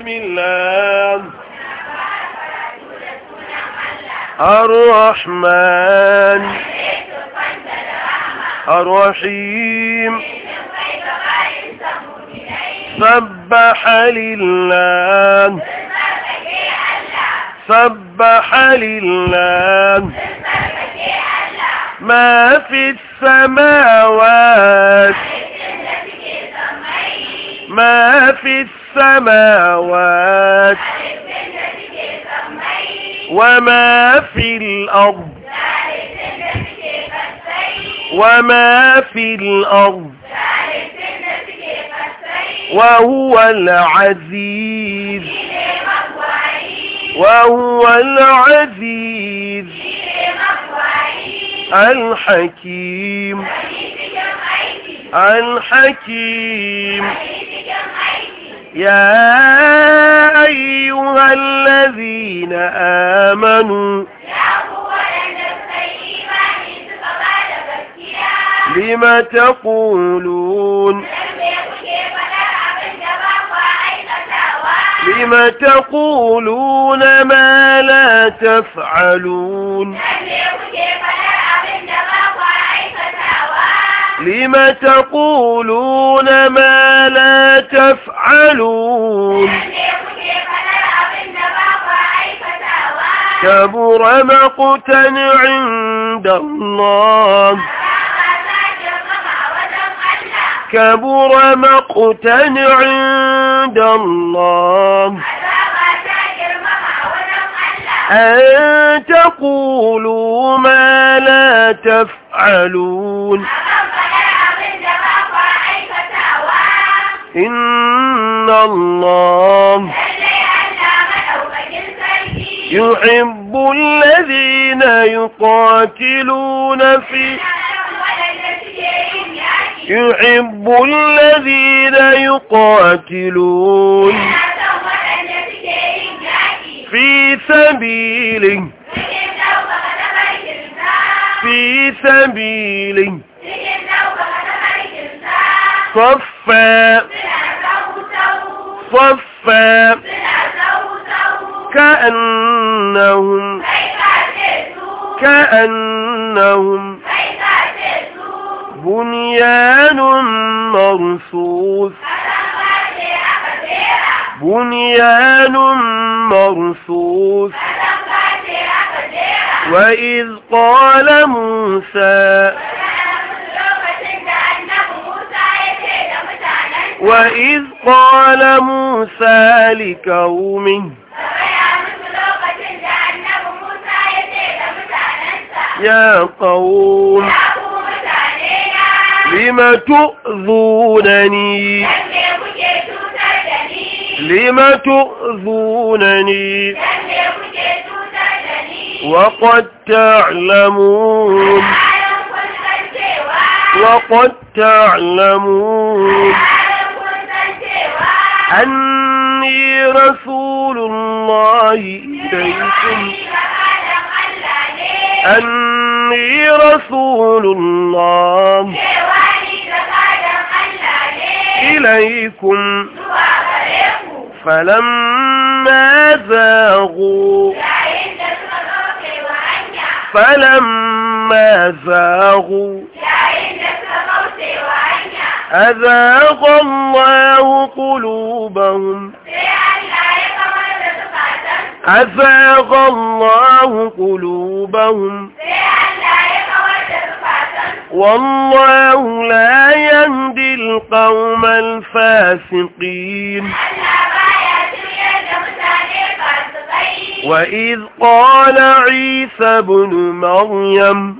بسم الله الرحمن الرحيم سبح لله سبح لله ما في السماوات ما في السماوات السماوات وما في الأرض وما في الأرض وهو العزيز وهو العزيز الحكيم الحكيم يا أيها الذين آمنوا لما تقولون لما تقولون ما لا تفعلون لم تقولون ما لا تفعلون كبر مقتا عند الله كبر مقتا عند الله أن تقولوا ما لا تفعلون إن الله يحب الذين يقاتلون في يحب الذين يقاتلون في سبيله في سبيله صفا صفا كأنهم كأنهم بنيان مرصوص بنيان مرصوص وإذ قال موسى وإذ قال موسى لقومه يا قوم لم تؤذونني لم تؤذونني وقد تعلمون وقد تعلمون أني رسول الله إليكم أني رسول الله إليكم فلما زاغوا فلما زاغوا أذاق الله قلوبهم أذاق الله قلوبهم والله لا يهدي القوم الفاسقين وإذ قال عيسى بن مريم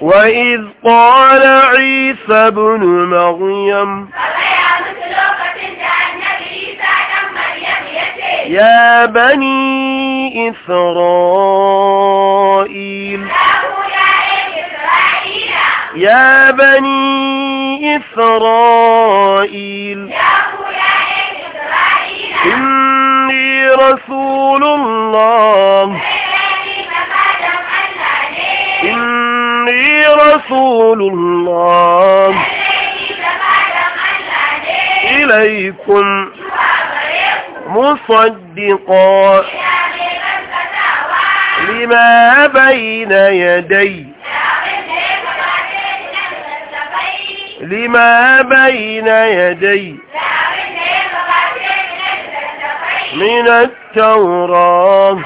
وإذ قال عيسى بن مريم يا بني إسرائيل يا بني إسرائيل إني رسول الله رسول الله إليكم مصدقا لما بين يدي لما بين يدي من التوراة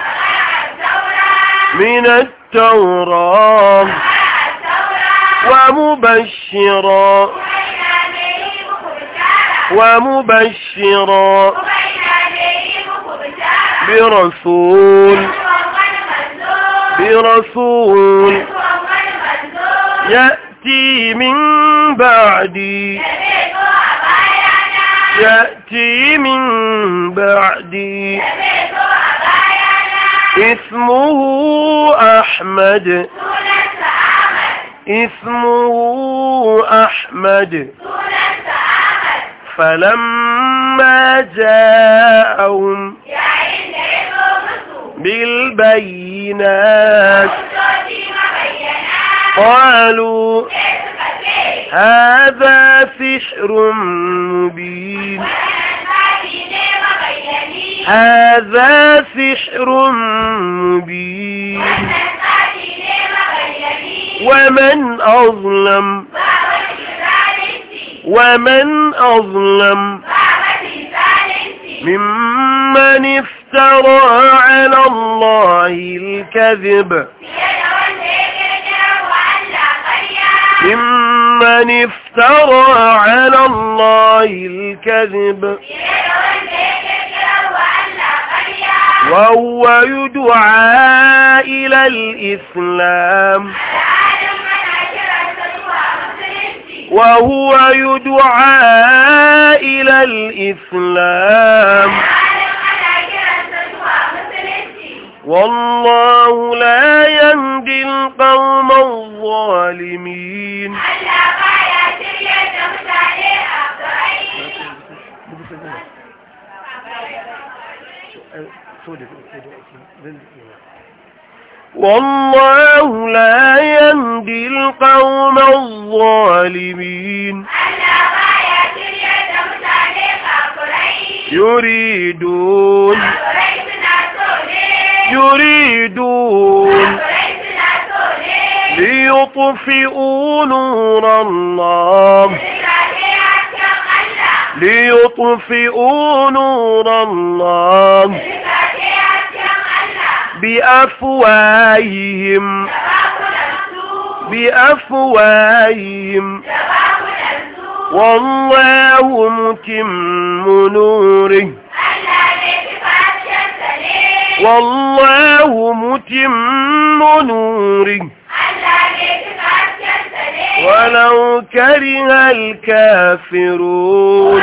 من التوراة ومبشرا ومبشرا برسول برسول يأتي من بعدي يأتي من بعدي اسمه أحمد اسمه أحمد فلما جاءهم بالبينات قالوا هذا سحر مبين هذا سحر مبين ومن أظلم ومن أظلم ممن افترى على الله الكذب ممن افترى على الله الكذب وهو يدعى إلى الإسلام وهو يدعى إلى الإسلام والله لا يهدي القوم الظالمين Söyle, söyle, والله لا يهدي القوم الظالمين يريدون يريدون ليطفئوا نور الله ليطفئوا نور الله بأفواههم بأفواههم والله متم نوره والله متم نوره ولو كره الكافرون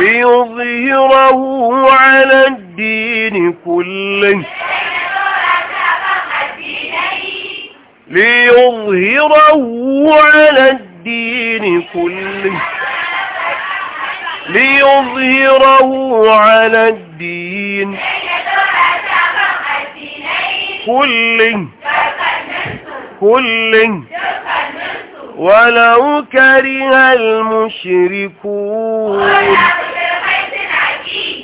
ليظهره على الدين كله ليظهره على الدين كله ليظهره على الدين كله كله ولو كره المشركون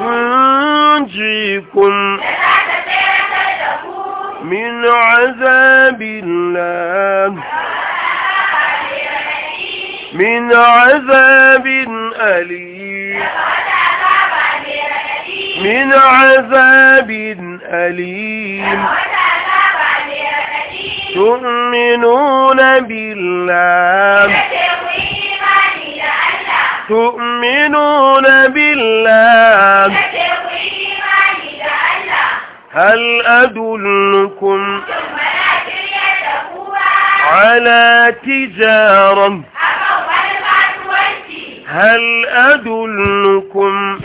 تنجيكم من عذاب الله من عذاب أليم من عذاب أليم تؤمنون بالله تؤمنون بالله هل أدلكم على تجارة هل أدلكم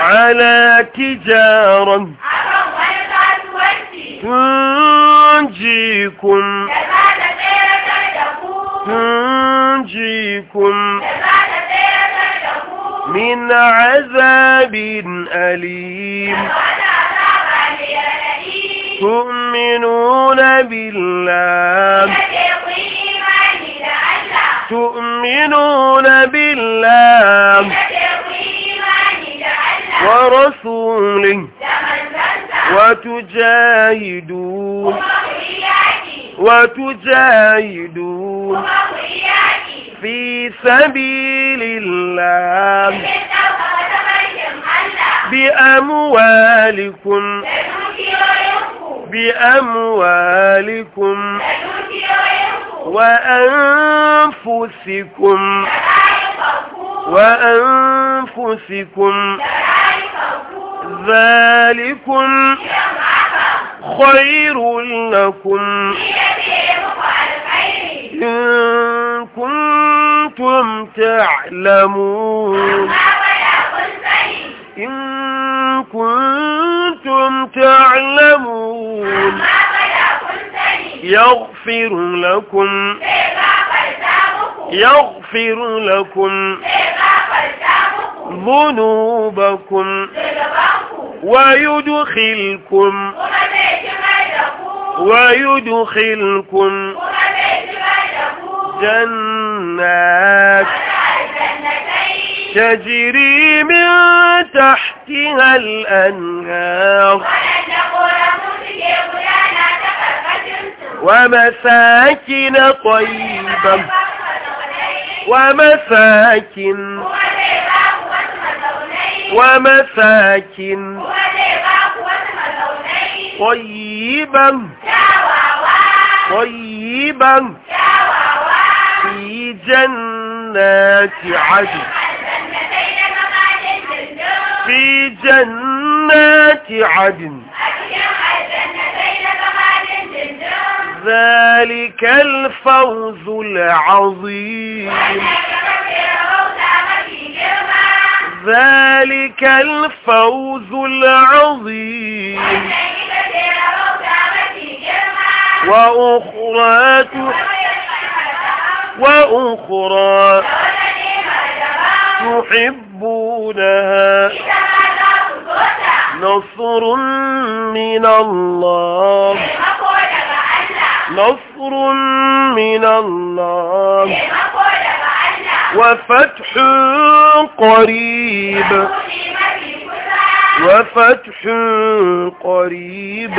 على تجارة تنجيكم تنجيكم من عذاب أليم تؤمنون بالله تؤمنون بالله ورسوله وتجاهدون وتجاهدون في سبيل الله بأموالكم بأموالكم وأنفسكم وأنفسكم ذلكم خير لكم إن كنتم تعلمون إن كنتم تعلمون يغفر لكم يغفر لكم ذنوبكم ويدخلكم ويدخلكم جنات تجري من تحتها الأنهار ومساكن طيبة ومساكن ومساكن طيبا طيبا في جنات عدن في جنات عدن ذلك الفوز العظيم ذلك الفوز العظيم وأخرى تحب وأخرى تحبونها نصر من الله نصر من الله وفتح قريب وفتح قريب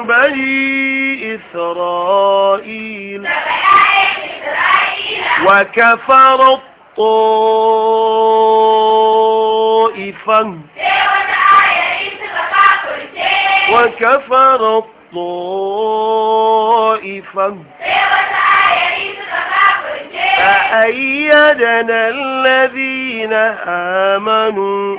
بني إسرائيل وكفر الطائفة وكفر الطائفة فأيدنا الذين آمنوا